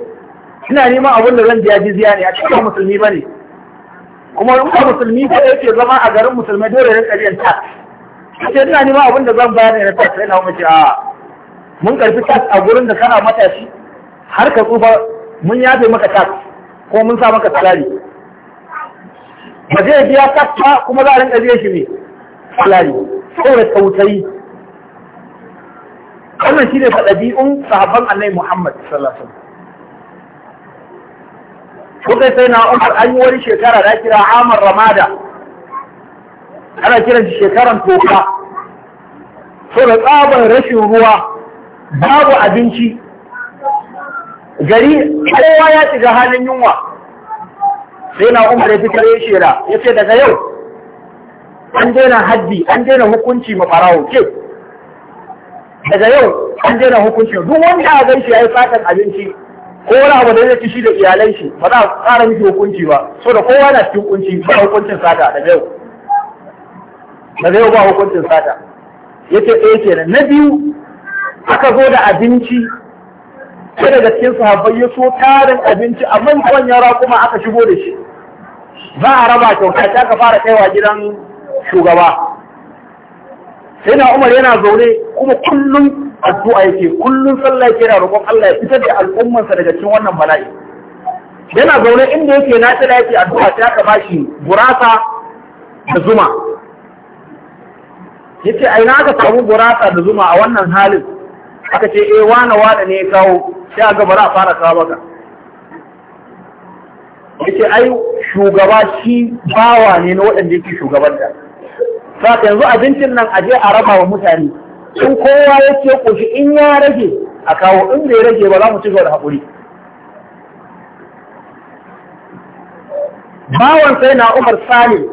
ina neman abin da zan biya jizya ne a cikin musulmi ba ne kuma in ba musulmi ba yake zama a garin musulmai dole rinka biyan tax sai ina nima abin da zan bayar da tax sai na mace a mun karfi tax a gurin da kana matashi har ka tsufa mun yafe maka tax ko mun sa maka salari ba zai biya tax ba kuma za a rinka biya shi ne salari saboda tausayi wannan shi ne faɗabi'un sahabban annai muhammad sallallahu alaihi wasallam kuka sai na umar an yi wani shekara da kira amar ramada ana kiran shi shekaran toka so da tsaban rashin ruwa babu abinci gari kowa ya shiga halin yunwa sai na umar ya fitar ya shera ya ce daga yau an daina haddi an daina hukunci farawo ke daga yau an daina hukunci duk wanda a gan shi ya yi fatan abinci ko abu da zai ci shi da iyalai shi ba za a tsara miki hukunci ba so da kowa na cikin hukunci ba hukuncin sata daga yau ba zai ba hukuncin sata yace ke eh kenan na biyu aka zo da abinci sai daga cikin sahabbai ya so tarin abinci a mantuwan yara kuma aka shigo da shi za a raba kyauta ta ka fara kaiwa gidan shugaba sai na umar yana zaune kuma kullum addu'a yake kullum sallah yake yana roƙon Allah ya fitar da al'ummarsa daga cikin wannan bala'i yana zaune inda yake na tsira yake addu'a ta ka bashi gurasa da zuma yace ai na ka samu gurasa da zuma a wannan halin aka ce eh wani wana ne kawo sai a gaba a fara kawo maka yace ai shugaba shi bawa ne na waɗanda yake shugabanta sa yanzu abincin nan aje a raba wa mutane in kowa ya ce koshi in ya rage a kawo in bai rage ba za mu ci gaba da haƙuri bawan sai na umar salim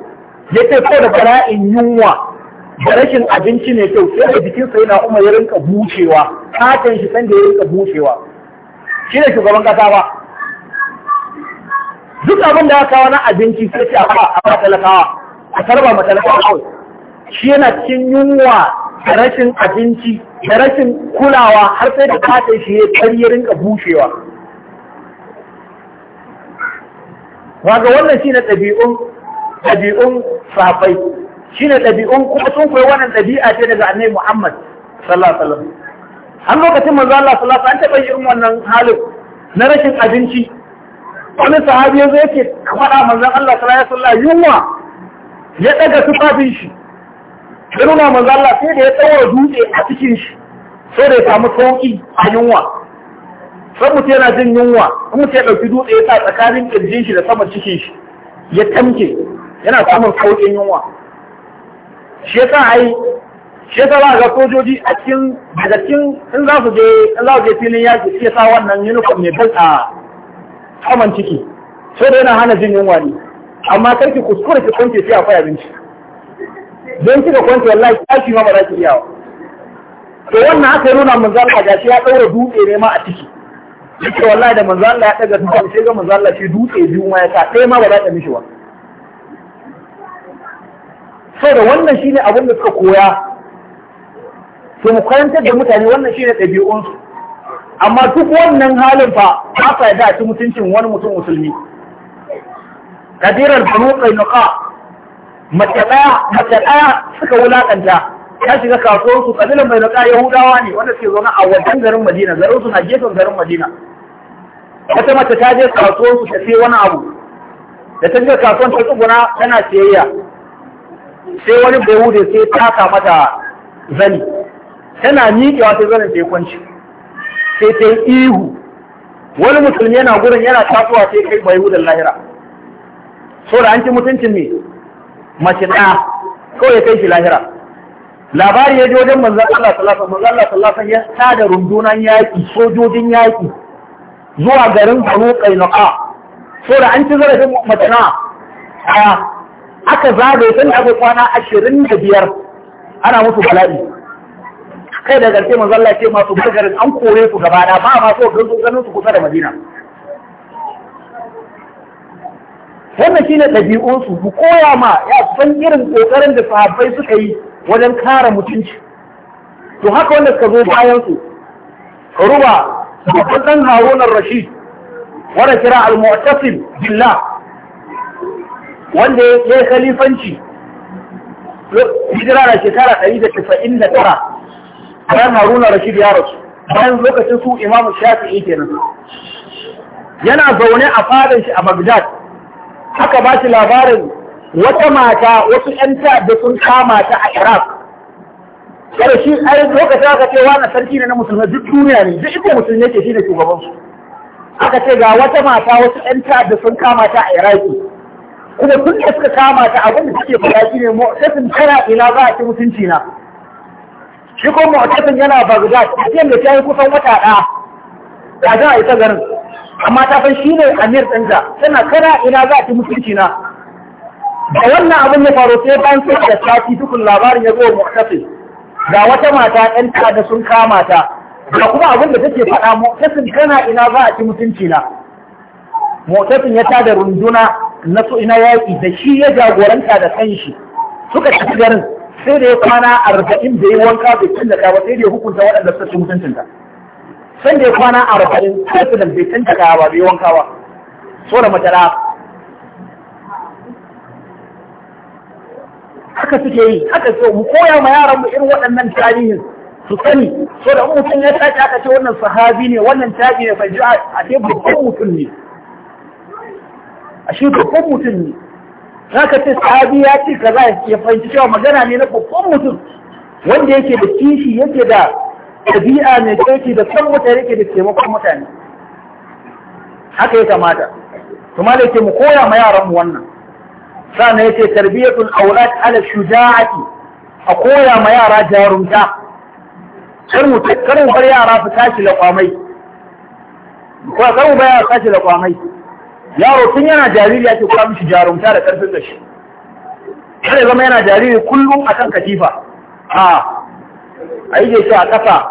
ya ce ko da bala'in yunwa da rashin abinci ne kyau sai da sai na umar ya rinka bucewa, katin shi sanda ya rinka bucewa. shi ne shugaban kasa ba duk abin da ya kawo na abinci sai ce a ba talakawa a tarba ma talakawa kawai shi yana cikin yunwa da rashin abinci da rashin kulawa har sai da katin shi ya karye rinka bushewa Waga wannan shi na ɗabi'un safai shine ɗabi'un kuma sun koyi wannan ɗabi'a ce daga annabi Muhammad sallallahu alaihi wasallam an lokacin manzo Allah sallallahu alaihi wasallam an taɓa yin wannan halin na rashin abinci wani sahabi yanzu yake faɗa manzon Allah sallallahu alaihi wasallam yunwa ya daga tufafin shi ya manzo Allah sai da ya tsawara dutse a cikin shi sai da ya samu sauki a yunwa sai mutum yana jin yunwa kuma sai ya ɗauki dutse ya sa tsakanin ƙirjin shi da saman cikin shi ya tamke yana samun sauƙin yunwa shi yasa ai shi yasa ba ga sojoji a cikin daga cikin in za su je in za su je filin yaƙi shi yasa wannan uniform ne bal a kaman ciki so da yana hana jin yunwa ne amma kar ki kuskure ki kwanke sai akwai abinci don kika kwance wallahi kashi ma ba za ki iya to wannan aka yi nuna manzo Allah gashi ya ɗaura dutse ne ma a ciki yake wallahi da manzo Allah ya ɗaga dutse sai ga manzo Allah shi dutse biyu ma ya sa ɗaya ma ba za ta mishi ba saboda wannan shine abin da suka koya to mu karantar da mutane wannan shine ɗabi'unsu amma duk wannan halin fa ba sa yarda a ci mutuncin wani mutum musulmi kadirar banu qainuqa mace ɗaya suka wulaƙanta ya shiga kasuwar su kabilan mai naka yahudawa ne wanda suke zaune a wannan garin madina garin su na gefen garin madina wata mace ta je kasuwar su ta ce wani abu da ta shiga kasuwar ta tsuguna tana siyayya sai wani bai wuce sai taka mata zani tana miƙewa sai zanin sai kwanci sai ta yi ihu wani musulmi yana gurin yana tasowa sai kai bai wuce lahira so da an ci mutuncin ne mace ɗaya kawai kai shi lahira labari ya ji wajen manzon Allah sallallahu alaihi wasallam ya tada rundunan yaƙi sojojin yaƙi zuwa garin Banu Qainqa so da an ci zarafin mace na aya aka zaɓe sun da aka kwana ashirin da biyar ana musu bala'i kai da garfe manzo Allah ce masu bargarin an kore su gaba da ba ma so ganin su kusa da Madina wannan shine ɗabi'unsu ku koya ma ya san irin ƙoƙarin da sahabbai suka yi wajen kare mutunci to haka wanda suka zo bayan su ruba babban dan Harun Rashid wanda kira al-Mu'tasim billah wanda ya yi khalifanci hijira da shekara ɗari da casa'in da tara bayan haruna rashid ya rasu bayan lokacin su imamu shafi'i kenan yana zaune a fadar shi a bagdad aka ba shi labarin wata mata wasu 'yan ta'adda sun kama ta a iraq kada shi ai lokacin aka ce wani sarki ne na musulmai duk duniya ne duk ikon musulmi yake shi ne shugabansu aka ce ga wata mata wasu 'yan ta'adda sun kama ta a iraki kuma tun da suka kama ta abin da suke faɗa shi ne mu'tasim kana ina za a ci mutunci na shi ko mu'tasim yana Baghdad a cikin da ta yi kusan wata ɗaya ta za a yi ta garin amma ta san shi ne amir ɗinta tana kana ina za a ci mutunci na da wannan abin ya faru sai ban sai da sati tukun labarin ya zo mu'tasim ga wata mata ‘yan ta'adda sun kama ta Da kuma abin da take faɗa mu'tasim kana ina za a ci mutunci na mu'tasim ya tada runduna na so ina yaƙi da shi ya jagoranta da kanshi suka tafi garin sai da ya kwana arba'in da ya wanka bai tallaka ba sai da ya hukunta waɗanda suka ci mutuncinta sai da ya kwana arba'in president bai tallaka ba bai wanka ba so da matara haka suke yi haka so mu koya ma yaran mu irin waɗannan tarihin su sani so da mutum ya tashi aka ce wannan sahabi ne wannan tabi ne fa a ce babban mutum ne ashe babban mutum ne Za ka ce sahabi ya ce kaza ya fahimci cewa magana ne na babban mutum wanda yake da kishi yake da ɗabi'a mai kyauci da san mutane yake da taimakon mutane haka ya kamata to malai ce mu koya ma yaran mu wannan sana ce tarbiyatul aulad ala shuja'ati a koya ma yara jarumta kar mu kar mu bar yara su tashi laƙwamai ko kar mu bar yara tashi laƙwamai yaro tun yana jariri ake kura mishi jarumta da ƙarfin da shi kada zama yana jariri kullum a kan katifa a a yi shi a ƙasa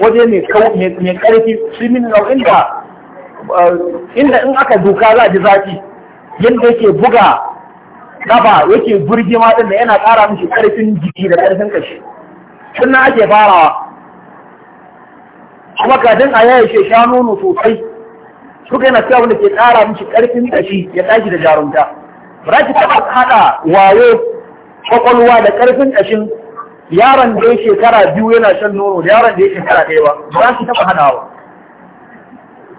waje mai ƙarfi shi min nau'in da eh, inda in aka duka za a ji zafi yadda yake buga gaba yake burge ma da yana ƙara mishi ƙarfin jiki da ƙarfin kashi tun na ake farawa kuma kadin a yaya sha nono sosai suka yana cewa wanda ke ƙara mishi ƙarfin ƙashi ya tashi da jarumta ba za ki taɓa haɗa wayo kwakwalwa da ƙarfin ƙashin yaron da ya shekara biyu yana shan nono da yaron da ya shekara ɗaya ba ba za ki taɓa haɗawa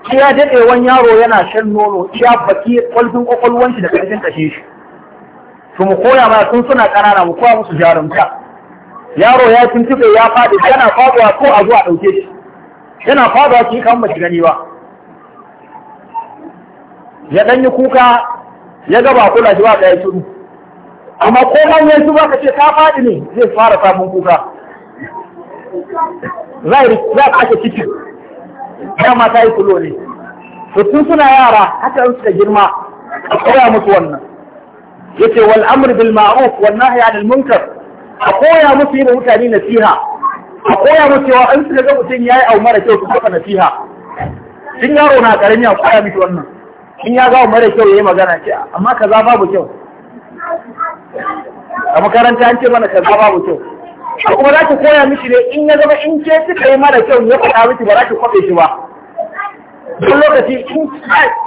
shi ya daɗe wani yaro yana shan nono ya baki ƙwalfin kwakwalwanci da ƙarfin ƙashin shi to mu koya ma sun suna ƙanana mu koya musu jarumta yaro ya tuntuɓe ya faɗi yana faɗuwa ko a zuwa ɗauke shi yana faɗuwa ki kan ba gani ba ya ɗan yi kuka ya gaba kula shi ba ɗaya shiru amma ko manyan su baka ce ka faɗi ne zai fara samun kuka za a ake ciki dama ta yi kulo ne tun suna yara haka in suka girma a koya musu wannan yace wal amr bil ma'ruf wan nahy anil munkar a koya musu yin mutane nasiha a koya musu cewa in suka ga mutum yayi au mara kyau su saka nasiha tun yaro na karami a koya musu wannan in ya gawo mara kyau ya yi magana ce amma kaza babu kyau a makaranta an ce mana kaza babu kyau a kuma za ki koya mishi ne in ya zama in ce suka yi mara kyau ya faɗa miki ba za ki kwaɓe shi ba duk lokaci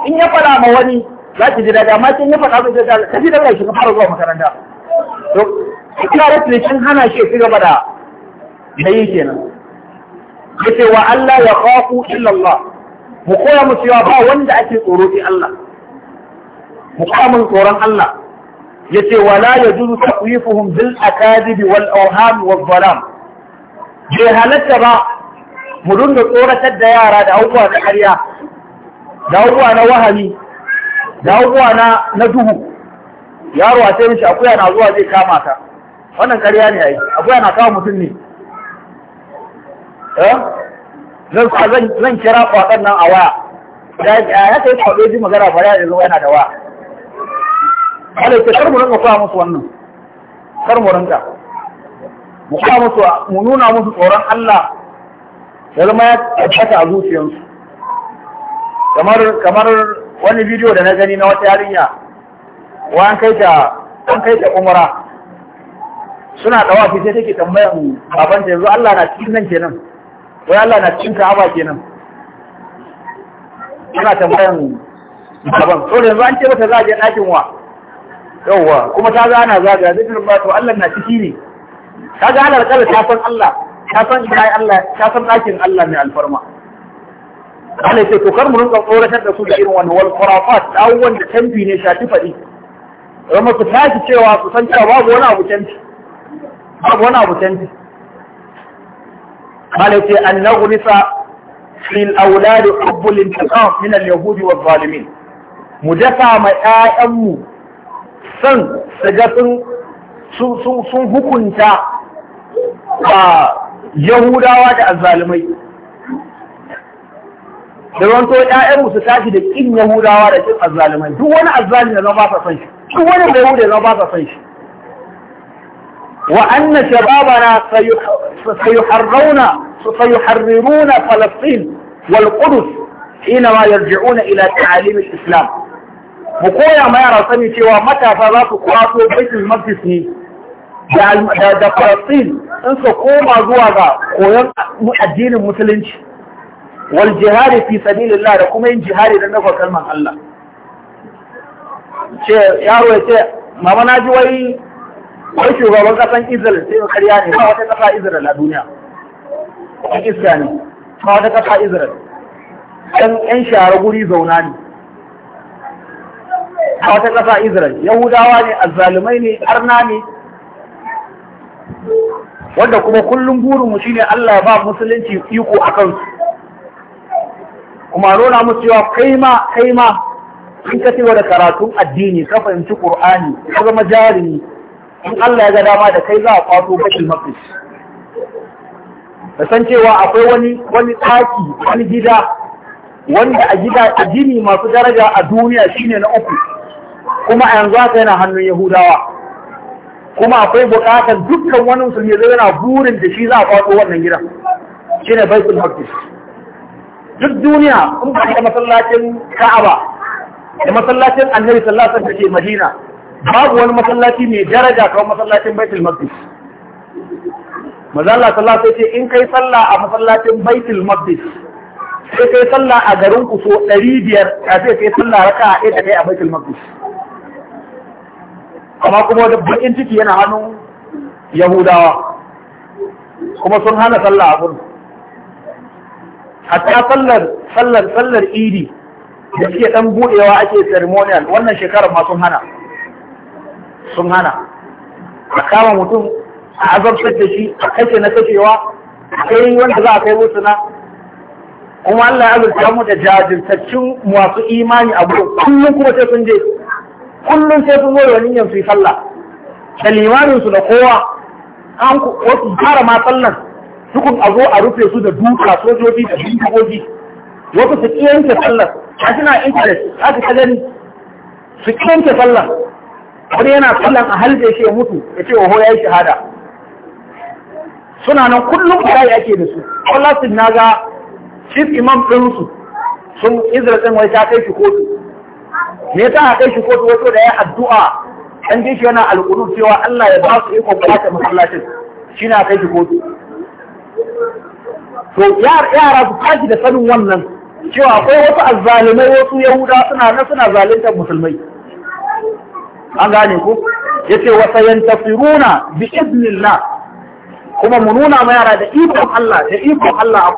in ya faɗa ma wani za ki ji daga amma ya faɗa miki da kafi da daga shi ka fara zuwa makaranta to ina rashin kin hana shi ci gaba da yayi yi kenan yace wa Allah ya khafu illa Allah mu koya mu cewa ba wanda ake tsoro sai Allah muqamin tsoron Allah yace wala yajuzu taqwifuhum bil akadib wal awham wal zalam Je halatta ba mu dinga tsoratar da yara da abubuwa na ƙarya da abubuwa na wahami da abubuwa na na duhu yaro a sai mishi akuya na zuwa zai kama ta. wannan ƙarya ne ai akuya na kama mutum ne eh zan sa zan kira kwaɗan nan a waya Da ya kai kwaɗo ji magana ba ya yanzu yana da waya kada ke kar mu rinka kwa musu wannan kar mu rinka mu kwa musu mu nuna musu tsoron Allah da zama ya tabbata a zuciyarsu kamar wani bidiyo da na gani na wata yarinya wa an kai ta an kai ta umara suna dawa sai take tambayar babanta yanzu Allah na cikin nan kenan wai Allah na cikin Ka'aba kenan ina tambayan baban to yanzu an ce mata za a je ɗakin wa yawwa kuma ta ga ana zaga zai ba to Allah na ciki ne ta ga Allah kala ta san Allah ta san ina Allah ta san ɗakin Allah mai alfarma Allah ce to kar mu rinka tsoratar da su da irin wannan wal khurafat abubuwan da tambi ne shafi faɗi kuma su tashi cewa su san cewa babu wani abu tambi babu wani abu tambi قال يتي أن نغرس في الأولاد حب الانتقام من اليهود والظالمين مدفع ما آئم سن سجسن سن hukunta a yahudawa da azalimai da ranto ‘ya'yanmu su tashi da kin yahudawa da kin azalimai duk wani azalin da zama ba sa san shi duk wani mai da zama ba sa san shi وأن شبابنا سيحررون سيحررون فلسطين والقدس حينما يرجعون إلى تعاليم الإسلام بقول ما يرى سنتي ومتى فضاك قراطه بيت المجلس دا, دا, فلسطين انسو قوم أزوها قوم مؤدين المسلمين والجهاد في سبيل الله لكم اين جهاد لنفع كلمة الله يا رويتي ما مناجوا ايه wai shugaban kasan Israel sai karya ne ba wata kasa Israel a duniya A iska ne ba wata kasa Israel ɗan ƴan share guri zauna ne a wata kasa Israel Yahudawa ne azzalumai ne arna ne wanda kuma kullum burinmu shine Allah ba musulunci iko a kansu kuma nuna musu cewa kai ma kai ma in ka ci da karatun addini ka fahimci Qur'ani ka zama jarumi in Allah ya ga dama da kai za a kwato bashil maqdis da san cewa akwai wani wani taki wani gida wanda a gida a gini masu daraja a duniya shine na uku kuma a yanzu haka yana hannun yahudawa kuma akwai bukatar dukkan wani musulmi zai yana burin da shi za a kwato wannan gidan shine baitul maqdis duk duniya in ba da masallacin ka'aba da masallacin annabi sallallahu alaihi wasallam da ke madina babu wani masallaci mai daraja kawai masallacin baitul maqdis mazalla sallah sai ce in kai sallah a masallacin baitul maqdis sai kai sallah a garin ku so 500 kafin kai sallah raka a ɗaya kai a baitul maqdis amma kuma wani bakin ciki yana hannun yahudawa kuma sun hana sallah a gurin hatta sallar sallar sallar idi da suke dan buɗewa ake ceremonial wannan shekarar ma sun hana sun hana a kama mutum a azabtar da shi a kashe na kashewa a kai wanda za a kai wutuna kuma Allah ya azurta mu da jajirtaccen masu imani a gurin kullum kuma sai sun je kullum sai sun zo da wani su yi sallah da limanin su da kowa an wasu fara ma sallan dukun a zo a rufe su da duka sojoji da bindigogi wasu su kiyanke sallar a suna interest za ka gani su kiyanke sallar wani yana sallan a halje shi ya mutu ya ce oho ya yi shahada suna nan kullum karayi ake da su kwallasin na ga chief imam ɗinsu sun izra ɗin wai ta kai shi kotu me yasa a kai shi kotu wato da ya addu'a an ji shi yana alƙulu cewa Allah ya ba su ikon kwace masallacin shi na kai shi kotu to yara su tashi da sanin wannan cewa akwai wasu azzalimai wasu yahuda suna na suna zaluntar musulmai an gane ku yace wa yantafiruna bi iznillah kuma mu nuna ma yara da ikon Allah da ikon Allah